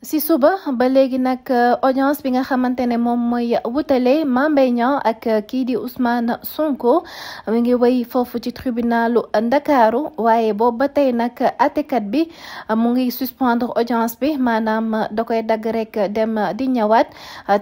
si suba ba léegi nag euh, audience bi nga xamante ne moom mooy wutale Mame Mbaye ak euh, kii di Ousmane Sonko mi ngi wéy foofu ci tribunalu Ndakaaru waaye boobu ba tey nag àttekat bi euh, mu ngi suspendre audience bi maanaam da koy dagg rek dem di ñëwaat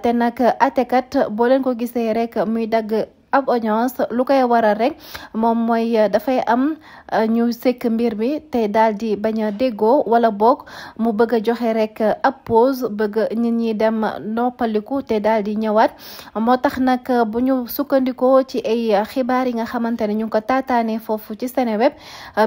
te nag àttekat boo leen ko gisee rek muy dagg. ab audience lu koy waral rek moom mooy euh, dafay am euh, ñu sekk mbir mi tey daal di bañ a déggoo wala boog mu bëgg joxe rek euh, ab pause bëgg nit ñi dem noppaliku te daal di ñëwaat moo tax nag bu ñu sukkandikoo ci ay xibaar yi nga xamante ne ñu ngi ko taataane foofu ci Seneweb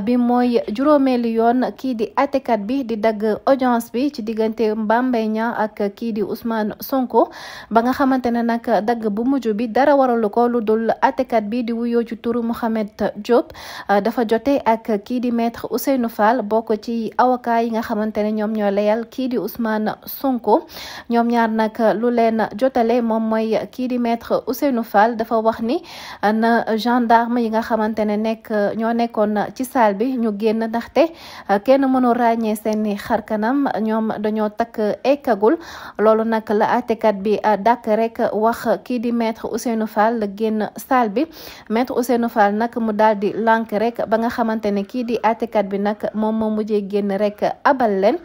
bi mooy juróomeelu yoon kii di atekat bi di dagg audience bi ci diggante Mame Mbaye ak kii di Ousmane Sonko ba nga xamante ne nag dagg bu mujj bi dara waralu ko fadul atekat bi di wuyoo ci turu Mouhamed Diop euh, dafa jote ak kii di maître Ousseynou Fall bokk ci avocat yi nga xamante ne ñoom ñoo layal kii di Ousmane Sonko ñoom ñaar nag lu leen jotale moom mooy kii di maître Ousseynou Fall dafa wax ni euh, na gendarme yi nga xamante ne nekk ñoo nekkoon ci salle bi ñu génn ndaxte euh, kenn mënu ràññee seeni xarkanam ñoom dañoo takk eggagul loolu nag la atekat bi dàkk rek wax kii di maître Ousseynou Fall génn génn salle bi maître Ousseynou Fall nag mu daal di lànk ba nga xamante ne kii di àttekat bi nag moom moo mujjee génn rek abal leen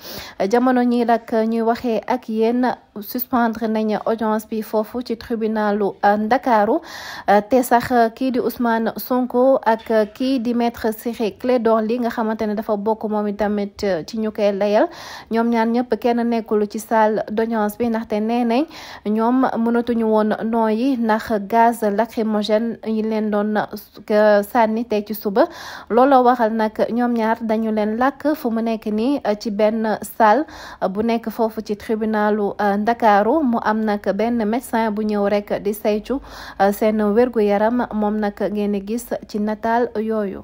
jamono ñi nag ñuy waxee ak yéen suspendre nañ audience bi foofu ci tribunalu euh, Ndakaaru euh, te sax euh, kii di Ousmane Sonko ak kii di maître Ciré Clédor Ly nga xamante ne dafa bokk moom itamit ci ñu koy layal ñoom ñaan ñëpp kenn nekkul ci salle d'audience bi ndaxte nee nañ ñoom mënatuñu woon noo yi ndax gaz lacrymogène yi leen doon sànni te ci suba looloo waral nag ñoom ñaar dañu leen lakk fu mu nekk nii ci benn salle bu nekk foofu ci tribunalu ndakaaru mu am nag benn médecin bu ñëw rek di saytu euh, seen wérgu yaram moom nag ngeen gis ci nataal yooyu